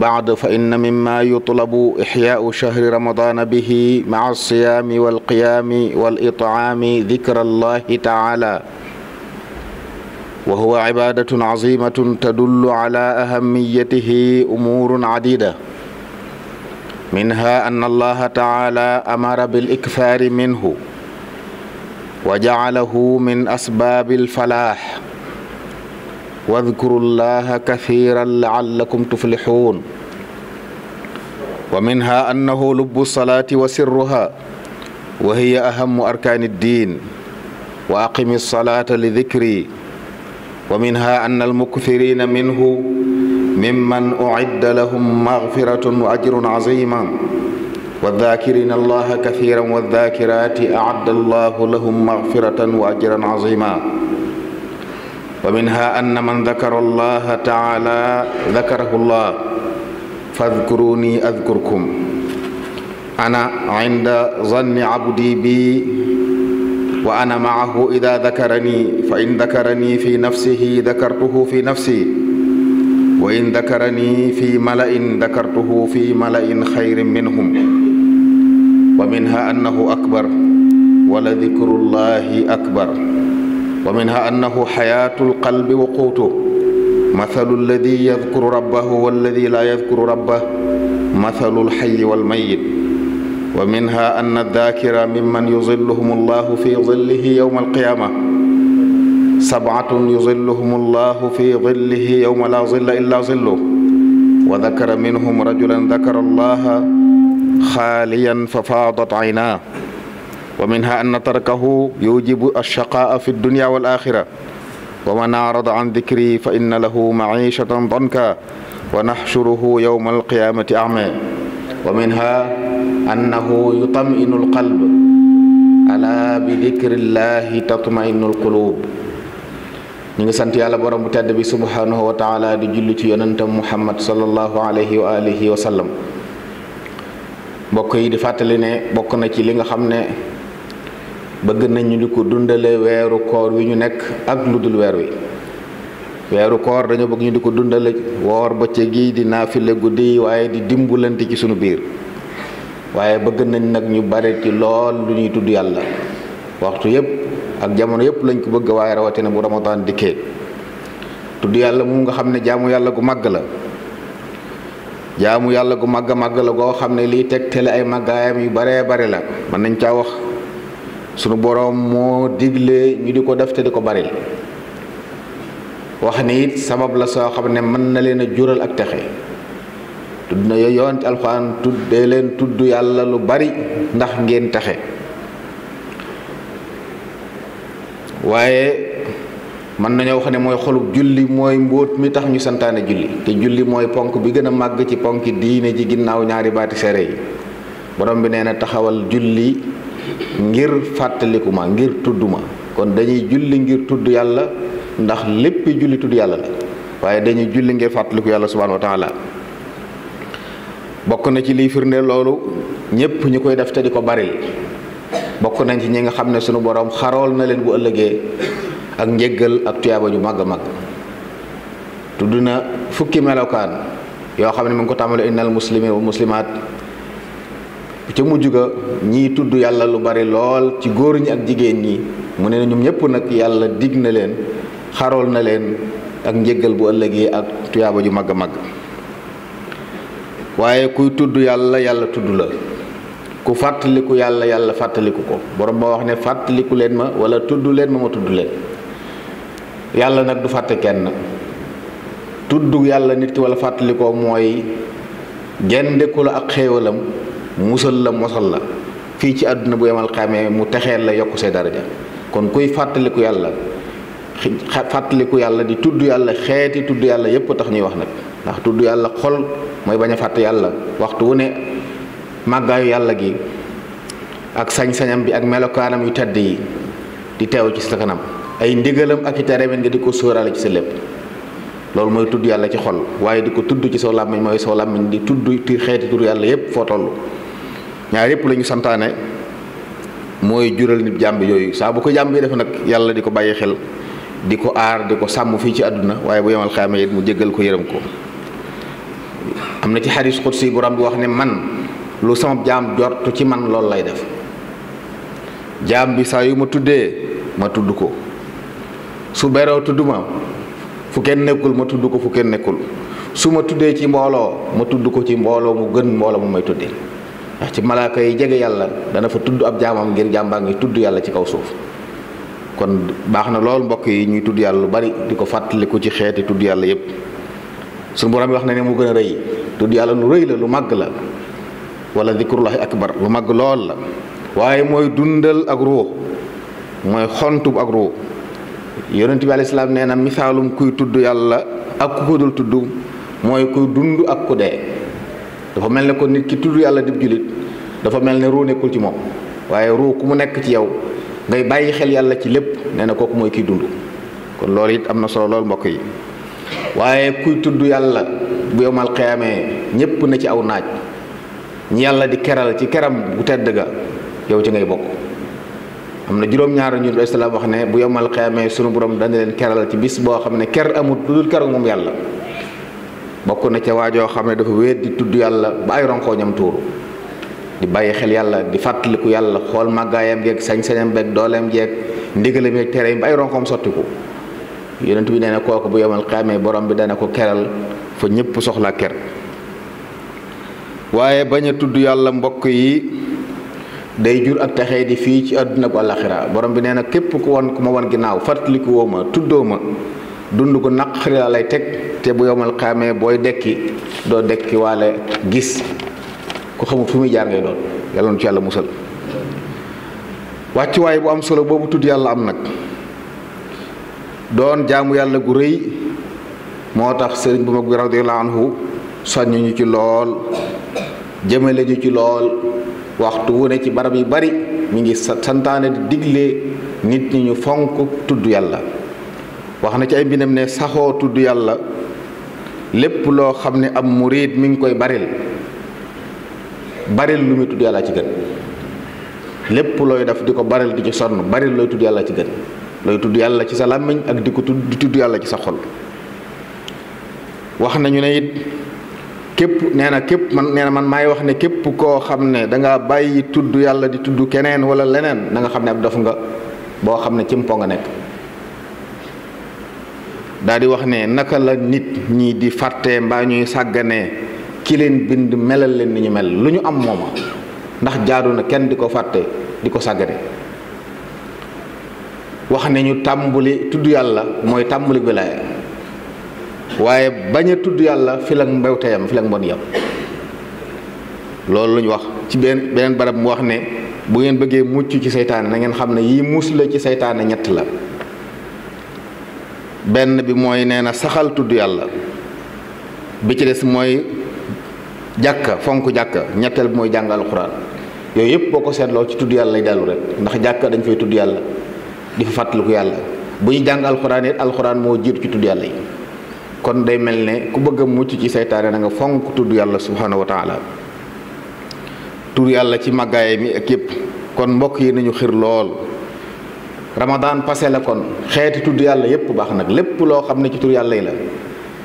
baad fa inna mimma yutlabu ixyaau chahri ramadana bihi maca alsiyaami walqiyaami walitaami dikra allahi taala wa huwa cibadatun cazimatun tadullu cala ahamiyatihi umuurun cadida minha anna allaha taala amara bilikfaari minhu wa jacalahu min asbaabi alfalaax واذكروا الله كثيرا لعلكم تفلحون ومنها أنه لب الصلاة وسرها وهي أهم أركان الدين وأقم الصلاة لذكري ومنها أن المكثرين منه ممن أعد لهم مغفرة وأجر عظيما والذاكرين الله كثيرا والذاكرات أعد الله لهم مغفرة وأجرا عظيما wa minha anna man dakara allaha taala dakarahu llah fadkuruni adkurkum ana inda zanni abdi bi wa ana maahu ida dakarani fa in dakarani fi nafsihi dakartuhu fi nafsi wa in dakarani fi malain dakartuhu fi malain xayrin minhum wa minha annahu akbar wa la dikrullahi akbar wa minha annahu xayaatu lqalbi wa quutu mathalu alladi yadkuru rabbahu walladi laa yadkuru rabbah mathalu lxayi walmayit wa minha anna daakira mimman yuzilluhum allahu fi zillihi yowma alqiyaama sabcatun yuzilluhum allahu fi zillihi yowma laa zilla illaa zillu wa dakara minhum rajulan dakara allaha xaaliyan fa faadat aynaa wa minha anna tarkahu yujibu alchaqaa fi dunya wal axira wa man arada an dikri fa inna lahu maishatan danka wa naxshuruhu yowma alqiyamati ama wa minha annahu yutam'inu alqalb ala bi dikri llahi tatma'innu alqulub ñu ngi sant yàlla borom bu tedd bi subhanahu wa taala di julli ci yonentam muhammad sallallahu alayhi wa alihi wa sallam mbokk yi di fàttali ne bokk na ci li nga xam ne bëgg nañu di ko dundale weeru koor wi ñu nekk ak lu dul weer wi weeru koor dañoo bëgg ñu di ko dundale woor bëccëg yi di naafile guddi yi waaye di dimbalante ci sunu biir waaye bëgg nañ nag ñu bare ci lool lu ñuy tudd yàlla waxtu yépp ak jamono yépp lañ ko bëgg waaye rawatina bu ramadan dikkee tudd yàlla mu nga xam ne jaamu yàlla gu màgg la jaamu yàlla gu màgg màgg la goo xam ne liy tegtale ay màggaayam yu baree bare la mën nañ caa wax sunu boroom moo digle ñu di ko def te di ko baril wax ni it sabab la soo xam ne mën na leen a jural ak texe tudd na yooyu yoon ci alxuraan tuddee leen tudd yàlla lu bari ndax ngeen texe waaye mën nañoo wax ne mooy xolub julli mooy mbóot mi tax ñu santaane julli te julli mooy ponk bi gën a màgg ci ponki diine ji ginnaaw ñaari baati sere yi borom bi nee na taxawal julli ngir fàttaliku ma ngir tudd ma kon dañuy julli ngir tudd yàlla ndax lépp julli tudd yàlla la waaye dañuy julli ngir fàttaliku yàlla subhaanahu wa taala bokk na ci liy firnde loolu ñépp ñu koy def te di ko baril bokk nañ ci ñi nga xam ne sunu borom xarool na leen bu ëllëgee ak njëggal ak tuyaaba yu mag a màgg tudd na fukki melokaan yoo xam ne mu ngi ko tàmbalee innal muslimiin muslimaat ca mujj ga ñii tudd yàlla lu bari lool ci góor ñi ak jigéen ñi mu ne ñoom ñëpp nag yàlla dig na leen xarool na leen ak njëggal bu ëllëg yi ak tuyaaba ju mag a mag waaye kuy tudd yàlla yàlla tudd la ku fàttaliku yàlla yàlla fàttaliku ko borom moo wax ne fàttaliku leen ma wala tudd leen ma ma tudd leen yàlla nag du fàtte kenn tudd yàlla nit walla fàttalikoo mooy genn gendeku la ak xéewalam musal la mosal la fii ci àdduna bu yemal xamee mu texeel la yokk say daraja kon kuy fàttaliku yàlla fàttaliku yàlla di tudd yàlla xeeti tudd yàlla yépp tax ñuy wax nag ndax tudd yàlla xol mooy bañ a fàtte waxtu wu ne màggaayu yàlla gi ak sañ-sañam bi ak melokaanam yu tedd yi di teew ci sa kanam ay ndigalam ak i tereem di ko sóoraale ci sa lépp loolu mooy tudd yàlla ci xol waaye di ko tudd ci soo làmmiñ mooy soo làmmiñ di tudd xeeti tur yàlla yépp foo toll ñaar yëpp la ñu santaane mooy jural nit jàmb yooyu saa bu ko jàmb yi def nag yàlla di ko bàyyi xel di ko aar di ko sàmm fii ci àdduna waaye bu yemal xaame it mu jëggal ko yërëm ko am na ci xadis xudsi bu ram bi wax ne man lu sama jaam jortu ci man loolu lay def jaam bi saa yu ma tuddee ma tudd ko su beroo tudd ma fu kenn nekkul ma tudd ko fu kenn nekkul su ma tuddee ci mbooloo ma tudd ko ci mbooloo mu gën mbooloo mu may tuddee ndax ci malaaka yi jege yàlla dana fa tudd ab jaamam ngir jàmbaa ngi tudd yàlla ci kaw suuf kon baax na lool mbokk yi ñuy tudd yàlla lu bari di ko fàttaliku ci xeeti tudd yàlla yépp su borom bi wax na ne mu gën a rëy tudd yàlla lu rëy la lu màgg la wala ak bar lu màgg lool la waaye mooy dundal ak ruux mooy xontub ak ruux yonent bi alayhi salaam nee na misaalum kuy tudd yàlla ak ku ko dul tudd mooy kuy dund ak ku dee dafa mel ne ko nit ki tudd yàlla dib jullit dafa mel ne ruu nekkul ci moom waaye ruu ku mu nekk ci yow ngay bàyyi xel yàlla ci lépp nee na kooku mooy kiy dund kon loolu it am na solo lool mbokk yi waaye kuy tudd yàlla bu yomal xiyaamee ñépp na ci aw naaj ñi yàlla di keral ci keram bu tedd ga yow ci ngay bokk am na juróom-ñaar ñu islam wax ne bu yomal xiyaamee sunu borom dana leen keral ci bis boo xam ne ker amut lu dul keru moom yàlla bokk na ca waajoo xam ne dafa wér di tudd yàlla ba ay ronkooñam tuuru di bàyyi xel yàlla di fàttaliku yàlla xool màggaayam geeg sañ-sañam beeg dooleem jeeg ndigalam tere tereem ba ay ronkoom sottiku yonent bi nee na kooku bu yemal xamee borom bi dana ko keral fa ñëpp soxlaa ker waaye bañ a tudd yàlla mbokk yi day jur ak taxee di fii ci àdduna bu àlaxira borom bi nee na képp ku won ku ma won ginnaaw fàttaliku ma tuddoo ma dund ko naqari la lay teg te bu yomal xaamee booy dekki doo dekki waale gis ku xamul fu muy jaar ngay doon yàlla nu ci yàlla musal wàccuwaay bu am solo boobu tudd yàlla am nag doon jaamu yàlla gu rëy moo tax sëriñ bu mag bi radiyallahu anhu ñu ci lool jëmale ñu ci lool waxtu wu ne ci barab yu bari mi ngi santaane di digle nit ñi ñu fonk tudd yàlla wax na ci ay mbindam ne saxoo tudd yàlla lépp loo xam ne am murid mi ngi koy baril baril lu muy tudd yàlla ci gën lépp looy def di ko baril di ci sonn baril looy tudd yàlla ci gën looy tudd yàlla ci sa làmmiñ ak di ko tudd di tudd yàlla ci sa xol wax nañu ne it képp nee na képp man nee na man maay wax ne képp koo xam ne danga bàyyi tudd yàlla di tudd keneen wala leneen na nga xam ne ab dof nga boo xam ne ci mpo nga nekk daal di wax ne naka la nit ñi di fàtte mbaa ñuy sàgganee ki leen bind melal leen ni ñu mel lu ñu am mooma ndax jaadu na kenn di ko fàtte di ko sàggane wax ne ñu tàmbuli tudd yàlla mooy tàmbuli wilaaya waaye bañ a tudd yàlla fi la mbewteyam fi la mbon yam loolu lu ñu wax ci benn beneen barab mu wax ne bu ngeen bëggee mucc ci seytaane na ngeen xam ne yi muus la ci seytaane ñett la benn bi mooy nee na saxal tudd yàlla bi ci des mooy jàkka fonk jàkka ñetteel bi mooy jàng alxuraan yooyu yëpp boo ko seetloo ci tudd yàlla lay dellu rek ndax jàkka dañ fay tudd yàlla di fa fàttaliku yàlla bu ñu jàng alxuraan it alxuraan moo jiitu ci tudd yàlla yi kon day mel ne ku bëgg a mucc ci seytaane na nga fonk tudd yàlla subhaanahu wa taala tudd yàlla ci màggaay mi ak yëpp kon mbokk yi nañu xiir lool Ramadan passé la kon xeeti tudd yàlla yépp baax nag lépp loo xam ne ci tur yàlla yi la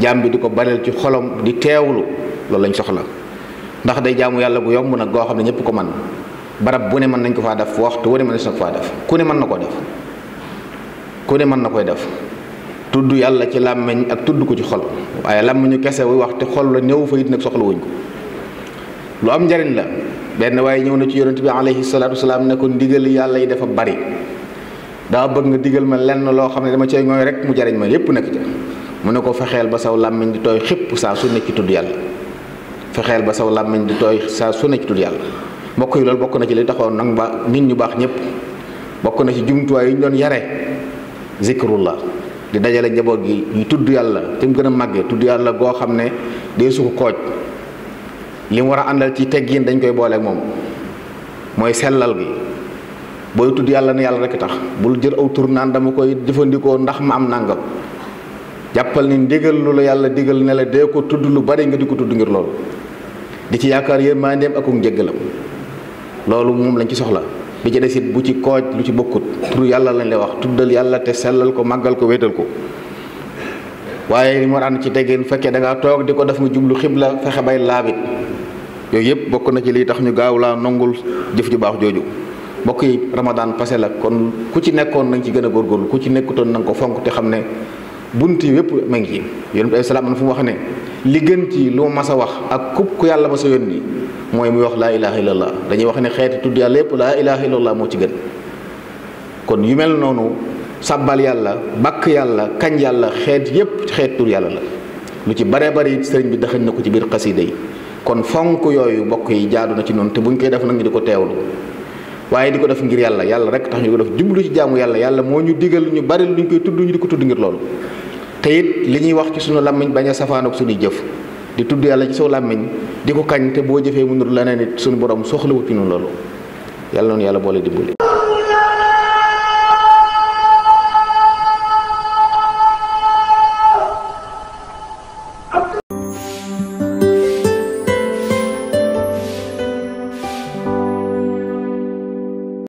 jaam bi di ko baleel ci xolom di teewlu loolu lañ soxla ndax day jaamu yàlla gu yomb nag goo xam ne ñëpp ko man barab bu ne mën nañ ko faa def waxtu wu ne mën ne ko faa def ku ne mën na koo def mën na koy def tudd yàlla ci làmmiñ ak tudd ko ci xol waaye làmmiñu kese wu waxtu xol la néew fa it nag soxla wuñ ko lu am njariñ la benn waaye ñëw na ci yonent bi alayhi salaatu wasalaam ne ko ndigal yàlla yi dafa bari daa bëgg nga digal ma lenn loo xam ne dama cay ngooy rek mu jariñ ma yépp nekk ca mu ne ko fexeel ba saw làmmiñ di tooy xépp saa su nekk ci tudd yàlla fexeel ba saw làmmiñ di tooy saa su nekk ci tudd yàlla mbokk yi loolu bokk na ci li taxoon nag ba nit ñu baax ñëpp bokk na ci jumtuwaay yi ñu doon yare la di dajale njaboot gi ñu tudd yàlla te mu gën a màggee tudd yàlla goo xam ne dee su ko kooj li mu war a àndal ci teg teggin dañ koy booleeg moom mooy sellal gi booy tudd yàlla na yàlla rek tax bul jër aw tur naan dama koy jëfandikoo ndax ma am nàngam jàppal ni ndigal la yàlla digal ne la dee ko tudd lu bari nga di ko tudd ngir loolu di ci yaakaar yéen maa ndeem ak njëggalam loolu moom lañ ci soxla bi ci des it bu ci kooj lu ci bokkut tur yàlla lañ lay wax tuddal yàlla te sellal ko màggal ko wéetal ko waaye li mu ànd ci teggin fekkee da toog di ko def nga jublu xibla fexe bay laabit yooyu yëpp bokk na ci lii tax ñu gaaw laa nongul jëf ju baax jooju bokk yi Ramadan passé la kon ku ci nekkoon na nga ci gën a góorgóorlu ku ci nekkutoon na ko fonk te xam ne bunt yi yëpp ma ngi ci yonent bi salaam man fu mu wax ne li gën ci lu mas a wax ak kub ku yàlla ma sa yónni mooy muy wax laa ilaha illallah dañuy wax ne xeeti tudd yàlla yëpp laa ilaha illallah moo ci gën kon yu mel noonu sàbbal yàlla bàkk yàlla kañ yàlla xeet yëpp xeet tudd yàlla la lu ci bare bari sëriñ bi daxañ na ko ci biir xasida kon fonk yooyu mbokk yi jaadu na ci noonu buñ koy def nag ñu di ko teewlu waaye di ko def ngir yàlla yàlla rek tax ñu ko def jublu ci jaamu yàlla yàlla moo ñu digal ñu bari lu ñu koy tudd ñu di ko tudd ngir loolu teyit li ñuy wax ci suñu làmmiñ bañ a safaan ak suñuy jëf di tudd yàlla ci soo làmmiñ di ko kañ te boo jëfee mu nur leneen it sunu borom soxlawut ci noonu loolu yàlla noonu yàlla boole dimbali